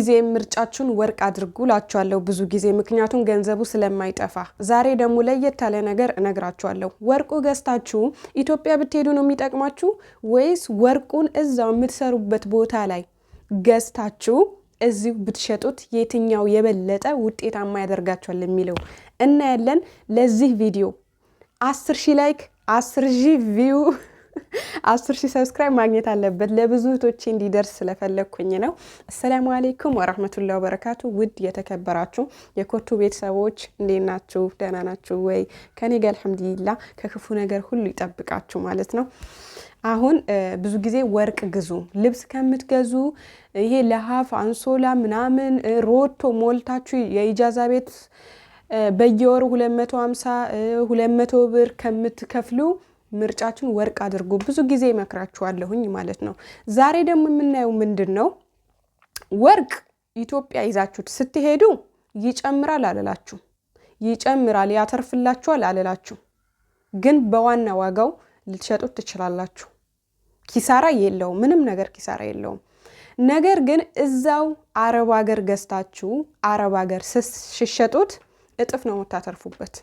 ጊዜ ምርጫችሁን ወርቅ አድርጉ ላችኋለሁ ብዙ ጊዜ ምክንያቱም ገንዘቡ ስለማይጠፋ። ዛሬ ደግሞ ለየት ያለ ነገር እነግራችኋለሁ። ወርቁ ገዝታችሁ ኢትዮጵያ ብትሄዱ ነው የሚጠቅማችሁ ወይስ ወርቁን እዛው የምትሰሩበት ቦታ ላይ ገዝታችሁ እዚሁ ብትሸጡት የትኛው የበለጠ ውጤታማ ያደርጋችኋል የሚለው እናያለን። ለዚህ ቪዲዮ አስር ሺህ ላይክ አስር ሺህ ቪው አስር ሺህ ሰብስክራይብ ማግኘት አለበት ለብዙ እህቶቼ እንዲደርስ ስለፈለግኩኝ ነው። አሰላሙ አሌይኩም ወራህመቱላ ወበረካቱ። ውድ የተከበራችሁ የኮቱ ቤተሰቦች እንዴት ናችሁ? ደህና ናችሁ ወይ? ከኔ ጋር አልሐምዱሊላ ከክፉ ነገር ሁሉ ይጠብቃችሁ ማለት ነው። አሁን ብዙ ጊዜ ወርቅ ግዙ ልብስ ከምትገዙ ይሄ ለሀፍ አንሶላ ምናምን ሮቶ ሞልታችሁ የኢጃዛ ቤት በየወሩ 2 መቶ ብር ከምትከፍሉ ምርጫችን ወርቅ አድርጉ። ብዙ ጊዜ መክራችኋለሁኝ ማለት ነው። ዛሬ ደግሞ የምናየው ምንድን ነው? ወርቅ ኢትዮጵያ ይዛችሁት ስትሄዱ ይጨምራል አልላችሁ፣ ይጨምራል ያተርፍላችኋል አልላችሁ፣ ግን በዋና ዋጋው ልትሸጡት ትችላላችሁ። ኪሳራ የለውም፣ ምንም ነገር ኪሳራ የለውም። ነገር ግን እዛው አረብ ሀገር ገዝታችሁ አረብ ሀገር ስሸጡት እጥፍ ነው የምታተርፉበት።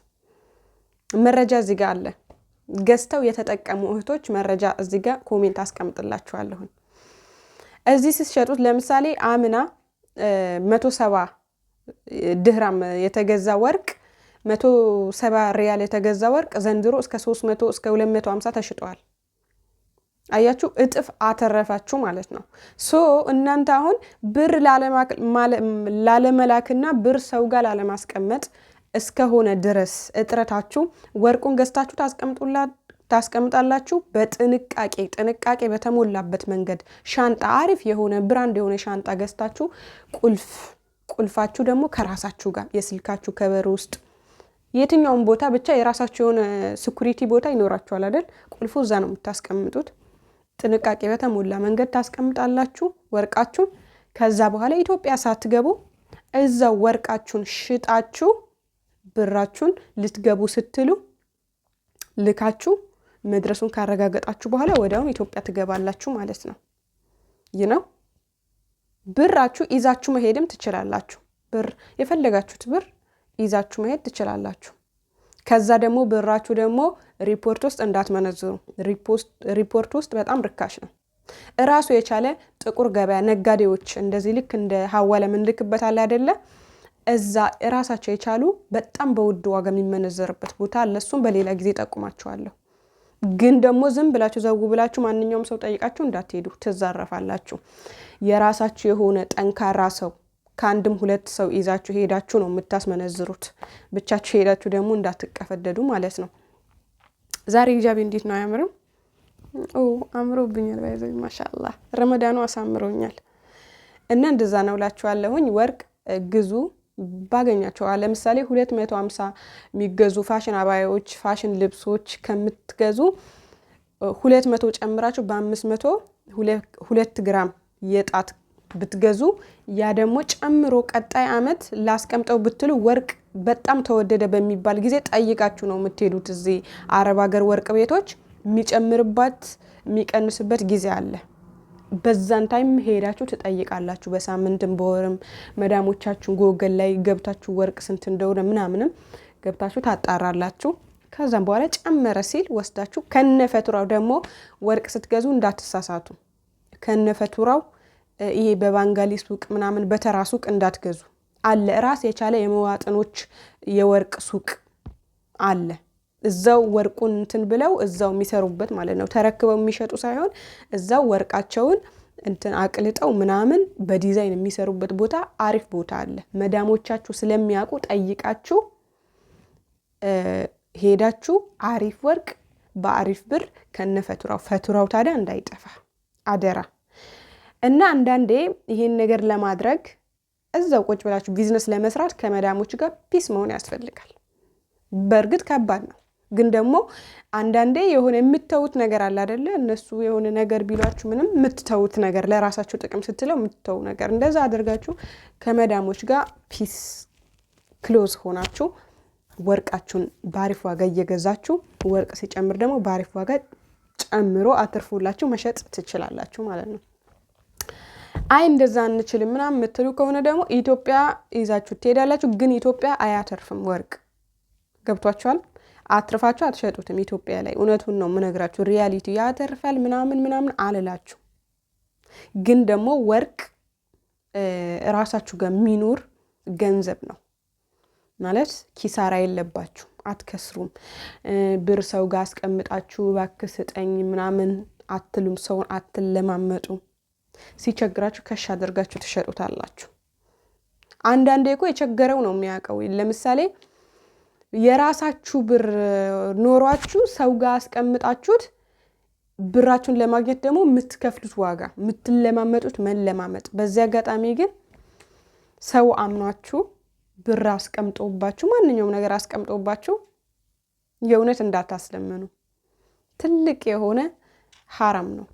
መረጃ እዚህ ጋ አለ። ገዝተው የተጠቀሙ እህቶች መረጃ እዚህ ጋር ኮሜንት አስቀምጥላችኋለሁኝ። እዚህ ስትሸጡት ለምሳሌ አምና መቶ ሰባ ድህራም የተገዛ ወርቅ መቶ ሰባ ሪያል የተገዛ ወርቅ ዘንድሮ እስከ ሶስት መቶ እስከ ሁለት መቶ ሀምሳ ተሽጠዋል። አያችሁ እጥፍ አተረፋችሁ ማለት ነው። ሶ እናንተ አሁን ብር ላለመላክና ብር ሰው ጋር ላለማስቀመጥ እስከሆነ ድረስ እጥረታችሁ ወርቁን ገዝታችሁ ታስቀምጣላችሁ በጥንቃቄ ጥንቃቄ በተሞላበት መንገድ ሻንጣ፣ አሪፍ የሆነ ብራንድ የሆነ ሻንጣ ገዝታችሁ ቁልፍ ቁልፋችሁ ደግሞ ከራሳችሁ ጋር የስልካችሁ ከበር ውስጥ የትኛውም ቦታ ብቻ የራሳችሁ የሆነ ስኩሪቲ ቦታ ይኖራችኋል አይደል? ቁልፉ እዛ ነው የምታስቀምጡት። ጥንቃቄ በተሞላ መንገድ ታስቀምጣላችሁ ወርቃችሁን። ከዛ በኋላ ኢትዮጵያ ሳትገቡ እዛው ወርቃችሁን ሽጣችሁ ብራችሁን ልትገቡ ስትሉ ልካችሁ መድረሱን ካረጋገጣችሁ በኋላ ወዲያውኑ ኢትዮጵያ ትገባላችሁ ማለት ነው። ይህ ነው። ብራችሁ ይዛችሁ መሄድም ትችላላችሁ። ብር የፈለጋችሁት ብር ይዛችሁ መሄድ ትችላላችሁ። ከዛ ደግሞ ብራችሁ ደግሞ ሪፖርት ውስጥ እንዳትመነዝሩ። ሪፖርት ውስጥ በጣም ርካሽ ነው። እራሱ የቻለ ጥቁር ገበያ ነጋዴዎች እንደዚህ ልክ እንደ ሀዋለ ምንልክበት አለ አይደለ እዛ እራሳቸው የቻሉ በጣም በውድ ዋጋ የሚመነዘርበት ቦታ አለ። እሱም በሌላ ጊዜ ጠቁማችኋለሁ። ግን ደግሞ ዝም ብላችሁ ዘው ብላችሁ ማንኛውም ሰው ጠይቃችሁ እንዳትሄዱ፣ ትዛረፋላችሁ። የራሳችሁ የሆነ ጠንካራ ሰው ከአንድም ሁለት ሰው ይዛችሁ ሄዳችሁ ነው የምታስመነዝሩት። ብቻችሁ ሄዳችሁ ደግሞ እንዳትቀፈደዱ ማለት ነው። ዛሬ ሂጃቤ እንዴት ነው? አያምርም? አምሮብኛል። ባይዘ ማሻላ ረመዳኑ አሳምሮኛል። እና እንደዛ ነው እላችኋለሁኝ። ወርቅ ግዙ ባገኛቸው ለምሳሌ 250 የሚገዙ ፋሽን አባዮች ፋሽን ልብሶች ከምትገዙ 200 ጨምራችሁ በ500 ሁለት ግራም የጣት ብትገዙ ያ ደግሞ ጨምሮ ቀጣይ አመት ላስቀምጠው ብትሉ ወርቅ በጣም ተወደደ በሚባል ጊዜ ጠይቃችሁ ነው የምትሄዱት። እዚህ አረብ ሀገር ወርቅ ቤቶች የሚጨምርበት የሚቀንስበት ጊዜ አለ። በዛን ታይም ሄዳችሁ ትጠይቃላችሁ። በሳምንትም በወርም መዳሞቻችሁን ጎገል ላይ ገብታችሁ ወርቅ ስንት እንደሆነ ምናምንም ገብታችሁ ታጣራላችሁ። ከዛም በኋላ ጨመረ ሲል ወስዳችሁ ፈቱራው ደግሞ ወርቅ ስትገዙ እንዳትሳሳቱ። ከነፈቱራው ይሄ በባንጋሊ ሱቅ ምናምን በተራ ሱቅ እንዳትገዙ አለ። ራስ የቻለ የመዋጥኖች የወርቅ ሱቅ አለ። እዛው ወርቁን እንትን ብለው እዛው የሚሰሩበት ማለት ነው። ተረክበው የሚሸጡ ሳይሆን እዛው ወርቃቸውን እንትን አቅልጠው ምናምን በዲዛይን የሚሰሩበት ቦታ አሪፍ ቦታ አለ። መዳሞቻችሁ ስለሚያውቁ ጠይቃችሁ ሄዳችሁ አሪፍ ወርቅ በአሪፍ ብር ከነ ፈቱራው ፈቱራው ታዲያ እንዳይጠፋ አደራ እና አንዳንዴ ይሄን ነገር ለማድረግ እዛው ቁጭ ብላችሁ ቢዝነስ ለመስራት ከመዳሞች ጋር ፒስ መሆን ያስፈልጋል። በእርግጥ ከባድ ነው። ግን ደግሞ አንዳንዴ የሆነ የምትተውት ነገር አለ አደለ? እነሱ የሆነ ነገር ቢሏችሁ ምንም የምትተውት ነገር ለራሳችሁ ጥቅም ስትለው የምትተው ነገር፣ እንደዛ አድርጋችሁ ከመዳሞች ጋር ፒስ ክሎዝ ሆናችሁ ወርቃችሁን በአሪፍ ዋጋ እየገዛችሁ ወርቅ ሲጨምር ደግሞ በአሪፍ ዋጋ ጨምሮ አትርፎላችሁ መሸጥ ትችላላችሁ ማለት ነው። አይ እንደዛ አንችልም ምናምን የምትሉ ከሆነ ደግሞ ኢትዮጵያ ይዛችሁ ትሄዳላችሁ። ግን ኢትዮጵያ አያተርፍም ወርቅ ገብቷችኋል። አትርፋችሁ አትሸጡትም። ኢትዮጵያ ላይ እውነቱን ነው የምነግራችሁ። ሪያሊቲ ያተርፋል ምናምን ምናምን አልላችሁ፣ ግን ደግሞ ወርቅ ራሳችሁ ጋር የሚኖር ገንዘብ ነው ማለት ኪሳራ የለባችሁ፣ አትከስሩም። ብር ሰው ጋር አስቀምጣችሁ እባክህ ስጠኝ ምናምን አትሉም፣ ሰውን አትለማመጡ። ሲቸግራችሁ ከሽ አድርጋችሁ ትሸጡታላችሁ። አንዳንዴ እኮ የቸገረው ነው የሚያውቀው። ለምሳሌ የራሳችሁ ብር ኖሯችሁ ሰው ጋር አስቀምጣችሁት ብራችሁን ለማግኘት ደግሞ የምትከፍሉት ዋጋ የምትለማመጡት መለማመጥ። በዚህ አጋጣሚ ግን ሰው አምኗችሁ ብር አስቀምጦባችሁ ማንኛውም ነገር አስቀምጦባችሁ የእውነት እንዳታስለምኑ። ትልቅ የሆነ ሀራም ነው።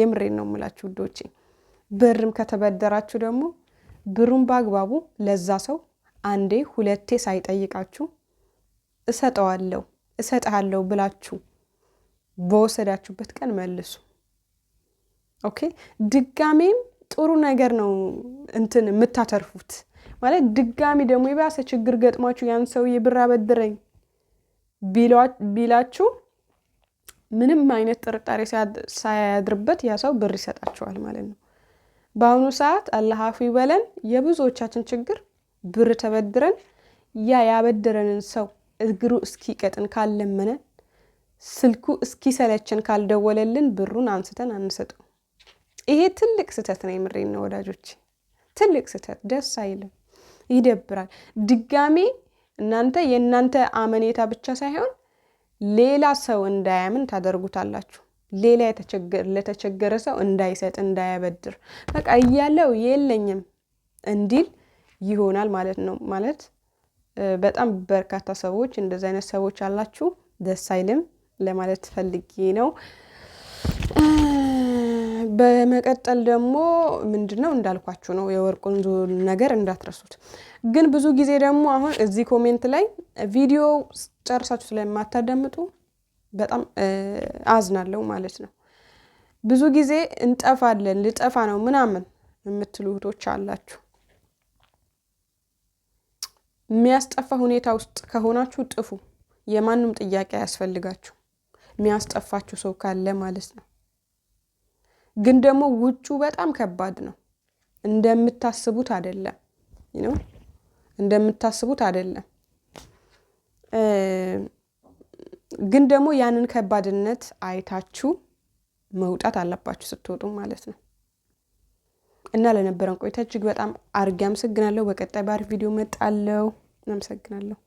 የምሬን ነው የምላችሁ ውዶቼ። ብርም ከተበደራችሁ ደግሞ ብሩን በአግባቡ ለዛ ሰው አንዴ ሁለቴ ሳይጠይቃችሁ እሰጠዋለሁ እሰጥሃለሁ ብላችሁ በወሰዳችሁበት ቀን መልሱ። ኦኬ። ድጋሜም ጥሩ ነገር ነው እንትን የምታተርፉት ማለት ድጋሚ ደግሞ የባሰ ችግር ገጥሟችሁ ያን ሰውዬ ብር አበድረኝ ቢላችሁ ምንም አይነት ጥርጣሬ ሳያድርበት ያ ሰው ብር ይሰጣችኋል ማለት ነው። በአሁኑ ሰዓት አላህ አፉ ይበለን የብዙዎቻችን ችግር ብር ተበድረን ያ ያበደረንን ሰው እግሩ እስኪቀጥን ካልለመነን ስልኩ እስኪሰለችን ካልደወለልን ብሩን አንስተን አንሰጠው። ይሄ ትልቅ ስህተት ነው። የምሬን ነው ወዳጆች፣ ትልቅ ስህተት። ደስ አይልም፣ ይደብራል። ድጋሜ እናንተ የእናንተ አመኔታ ብቻ ሳይሆን ሌላ ሰው እንዳያምን ታደርጉታላችሁ። ሌላ ለተቸገረ ሰው እንዳይሰጥ እንዳያበድር፣ በቃ እያለው የለኝም እንዲል ይሆናል ማለት ነው። ማለት በጣም በርካታ ሰዎች እንደዚ አይነት ሰዎች አላችሁ፣ ደስ አይልም ለማለት ፈልጌ ነው። በመቀጠል ደግሞ ምንድን ነው እንዳልኳችሁ ነው የወርቁን ነገር እንዳትረሱት። ግን ብዙ ጊዜ ደግሞ አሁን እዚህ ኮሜንት ላይ ቪዲዮ ጨርሳችሁ ስለማታደምጡ በጣም አዝናለሁ ማለት ነው። ብዙ ጊዜ እንጠፋለን ልጠፋ ነው ምናምን የምትሉ እህቶች አላችሁ። የሚያስጠፋ ሁኔታ ውስጥ ከሆናችሁ ጥፉ። የማንም ጥያቄ አያስፈልጋችሁ። የሚያስጠፋችሁ ሰው ካለ ማለት ነው። ግን ደግሞ ውጩ በጣም ከባድ ነው። እንደምታስቡት አይደለም ነው እንደምታስቡት አይደለም። ግን ደግሞ ያንን ከባድነት አይታችሁ መውጣት አለባችሁ ስትወጡ ማለት ነው። እና ለነበረን ቆይታ እጅግ በጣም አርጌ አመሰግናለሁ። በቀጣይ በአሪፍ ቪዲዮ መጣለው። አመሰግናለሁ።